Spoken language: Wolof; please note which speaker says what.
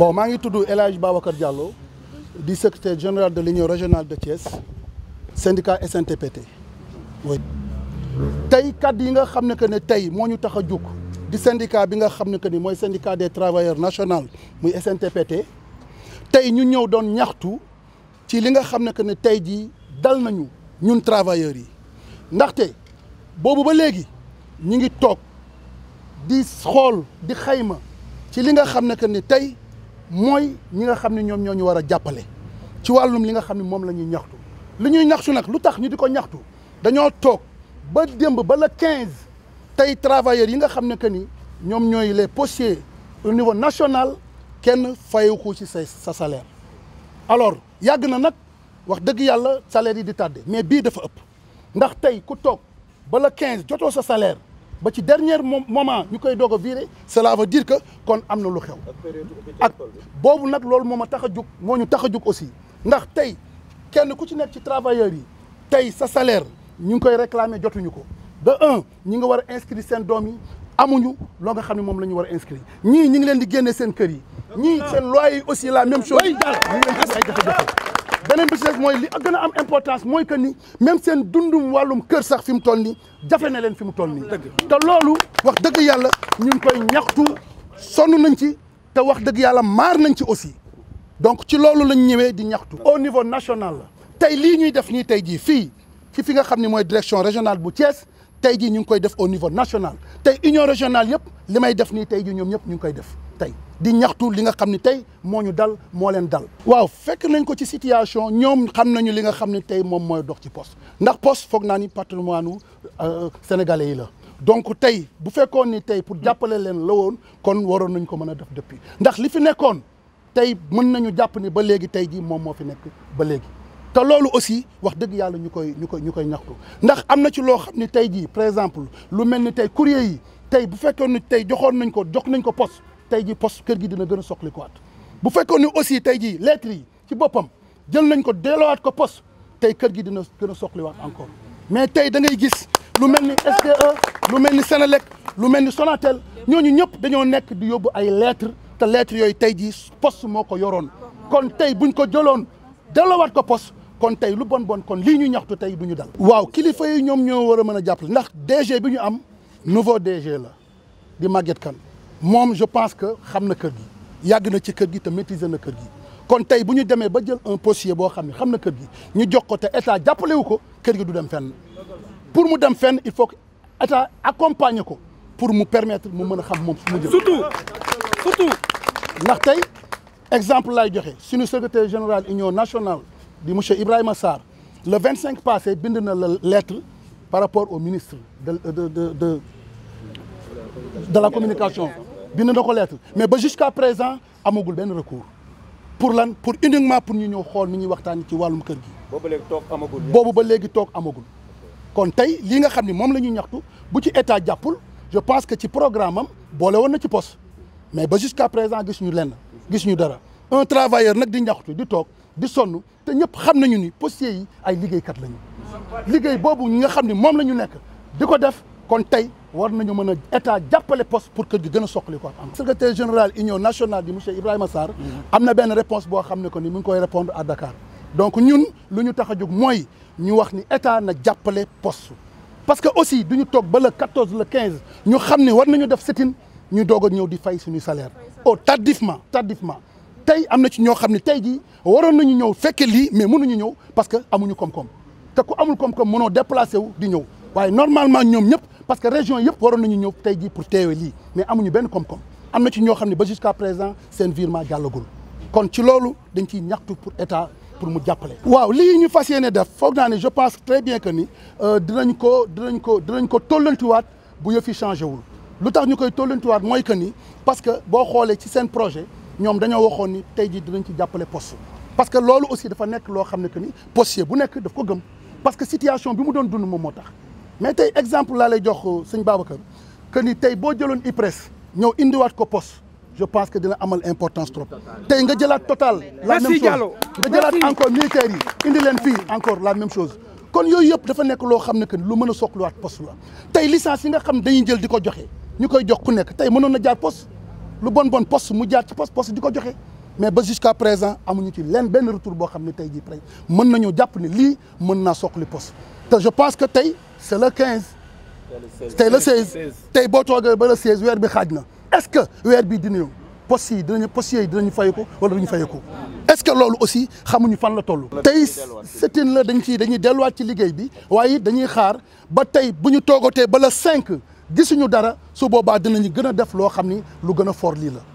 Speaker 1: bon maa ngi tudd El Hadj Babacar Diallo di secrétaire général de l'union régional de Thiès syndicat SNTPT tey kàddu yi nga xam ne que ne tey moo ñu tax a jóg di syndicat bi nga xam ne que ni mooy syndicat des travailleurs national muy SNTPT tey ñu ñëw doon ñaxtu ci li nga xam ne que ne tey jii dal nañu ñun travailleurs yi ndaxte boobu ba léegi ñu ngi toog di xool di xayma ci li nga xam ne que ni tey mooy ñi nga xam ne ñoom ñoo ñu war a jàppale ci wàllum li nga xam ne moom la ñuy ñaxtu li ñuy ñaxtu nag lu tax ñu di ko ñaxtu dañoo toog ba démb ba la quinze tey travailleurs yi nga xam ne que ni ñoom ñooy les possier au niveau national kenn fayu ko ci sa sa salaire alors yàgg na nag wax dëgg yàlla salaire yi di tàdde mais bii dafa ëpp ndax tey ku toog ba la quinze joto sa salaire ba ci dernier moment ñu koy doog a viré cela veut dire que kon am na lu xew ak boobu nag loolu moo ma tax a jug moo ñu tax a jug aussi ndax tey kenn ku ci nekk ci travailleurs yi tey sa salaire ñu ngi koy réclamer jotuñu ko de un ñi nga war a inscrire seen doom yi amuñu loo nga xam ne moom la ñu war a inscrire ñii ñi ngi leen di génne seen kër yi ñii seen loyer yi aussi la même chose ñu ngi leen di ay jafe beneen bi ci des mooy li gën am importance mooy que ni même seen dundum wàllum kër sax fi mu toll nii jafe na leen fi mu toll nii. te loolu wax dëgg yàlla ñun ngi koy ñaxtu sonn nañ ci te wax dëgg yàlla maar nañ ci aussi donc ci loolu lañ ñëwee di ñaxtu. au niveau national la tey lii ñuy def nii tey jii fii. ci fi nga xam ne mooy direction régionale bu Thiès tey jii ñu ngi koy def au niveau national tey union régionale yëpp li may def nii tey jii ñoom ñëpp ñu ngi koy def tey di ñaxtu li nga xam ne tey moo ñu dal moo leen dal. waaw fekk nañ ko ci situation ñoom xam nañu li nga xam ne tey moom mooy dox ci poste ndax poste foog naa ni patrimoine u euh, sénégalais yi la. donc tey bu fekkoon ni tey pour jàppale leen la woon kon waroon nañ ko mën a def depuis ndax li fi nekkoon tey mën nañu jàpp ni ba léegi tey jii moom moo fi nekk ba léegi. te loolu aussi wax dëgg yàlla ñu koy ñu koy ñu koy ñaxtu ndax am na ci loo xam ne tey jii par exemple lu mel ni tey courrier yi tey bu fekkoon ni tey joxoon nañ ko jox nañ ko poste tey jii poste kër gi dina gën a soxli ko waat bu fekkoon ni aussi tey jii lettres yi ci boppam jël nañ ko delloowaat ko poste tey kër gi dina gën a soxliwaat encore mais tey da ngay gis lu mel ni SDE lu mel ni Senelec lu mel ni Sonatel ñooñu ñëpp dañoo nekk di yóbbu ay lettres te lettres yooyu tey jii poste moo ko yoroon kon tey buñ ko jëloon delloowaat ko poste kon tey lu bon bon kon lii ñu ñaxtu tey bu ñu dal. waaw kilifa yi ñoom ñoo war a mën a jàppale ndax DG bi ñu am nouveau DG la di Maguette kan moom je pense que xam na kër gi yàgg na ci kër gi te maîtriser na kër gi kon tey bu ñu demee ba jël un postier boo xam ne xam na kër gi ñu jox ko te état jàppale ko kër gi du dem fenn pour mu dem fenn il faut que état accompagner ko pour mu permettre mu mën a xam moom su mu jëm. surtout ndax tey exemple laay joxe suñu secrétaire général union nationale. di monsieur Ibrahima Sarr vingt cinq passé bind na la lettre par rapport au ministre de de de de la communication bind na ko lettre mais ba jusqu'à présent amagul benn recours pour lan pour uniquement pour ñu ñëw xool ni ñuy waxtaan ci wàllum kër gi. boobu ba léegi toog amagul. boobu ba léegi toog amagul kon tey lii nga xam ni moom la ñuy ñaxtu bu ci état jàppul je pense que ci programme am boole woon na ci poste mais ba jusqu'à présent gis ñu lenn gis ñu dara un travailleur nag di ñaxtu di toog. di sonn te ñëpp xam nañu ni postiers ay liggéeykat lañu liggéey boobu ñu nga xam ne moom la ñu nekk di ko def kon tey war nañu mën a état jàppale poste pour kër gi gën a soqali ko am secrétaire général union nationale di monsieur Ibrahima Sarr mhm. am na benn réponse boo xam ne ko ni mu ngi koy répondre à Dakar donc ñun lu ñu tax a jóg mooy ñu wax ni état na jàppale poste parce que aussi du ñu toog ba le 14 le quinze ñu xam ne war nañu def sit ñu doog a ñëw di fay suñu salaire au tardivement tardivement tey am na ci ñoo xam ne tey jii waroon nañu ñëw fekke lii mais mënuñu ñëw parce que amuñu koom-koom te ku amul koom-koom mënoo déplacé wu di ñëw waaye normalement ñoom ñëpp parce que région yëpp waroon nañu ñëw tey ji pour teewe lii mais amuñu benn koom-koom am na ci ñoo xam ne ba jusqu'à présent seen virement jàllagul kon ci loolu dañ ciy ñaxtu pour état pour mu jàppale. waaw lii ñu fas yéene def foog naa ne je pense très bien que ni euh, dinañ ko dinañ ko dinañ ko tollantiwaat bu yëf changé wul lu tax ñu koy tollantiwaat mooy que ni parce que boo xoolee ci seen projet. ñoom dañoo waxoon ni tey jii dinañ ci jàppale poste parce que loolu aussi dafa nekk loo xam ne que ni postier bu nekk daf ko gëm parce que situation bi mu doon dund moom moo tax mais tey exemple laa lay jox euh, sëñ Babacar ni tey boo jëloon IPRES ñëw indiwaat ko pos je pense que dina amal importance trop tey nga jëlaat total la même chose nga jëlaat encore militaires indi leen fii encore la même chose kon yooyu yëpp dafa nekk loo xam ne que lu mën a soxlawaat poste la tey licence nga xam dañuy jël di ko joxe ñu koy jox ku nekk tey mënoon na jaar lu bon bon post mu jaar ci poste poste di ko joxe mais ba jusqu'à présent amuñu ci lenn benn retour boo xam ne tey jii pare mën nañoo jàpp ne lii mën naa soqali poste te je pense que tey c'est le quinze tey le 16 tey boo toogee ba le 16 weer bi xaaj na est-ce que weer bi dina ñëw postes yi dinañu postes yooyu dinañu fay ko wala duñu fay ko est-ce que loolu aussi xamuñu fan la toll. tey setin la dañ ciy dañuy delluwaat ci liggéey bi waaye dañuy xaar ba tey bu ñu toogatee ba le 5. gisuñu dara su boobaa dinañu gën a def loo xam ni lu gën a fort lii la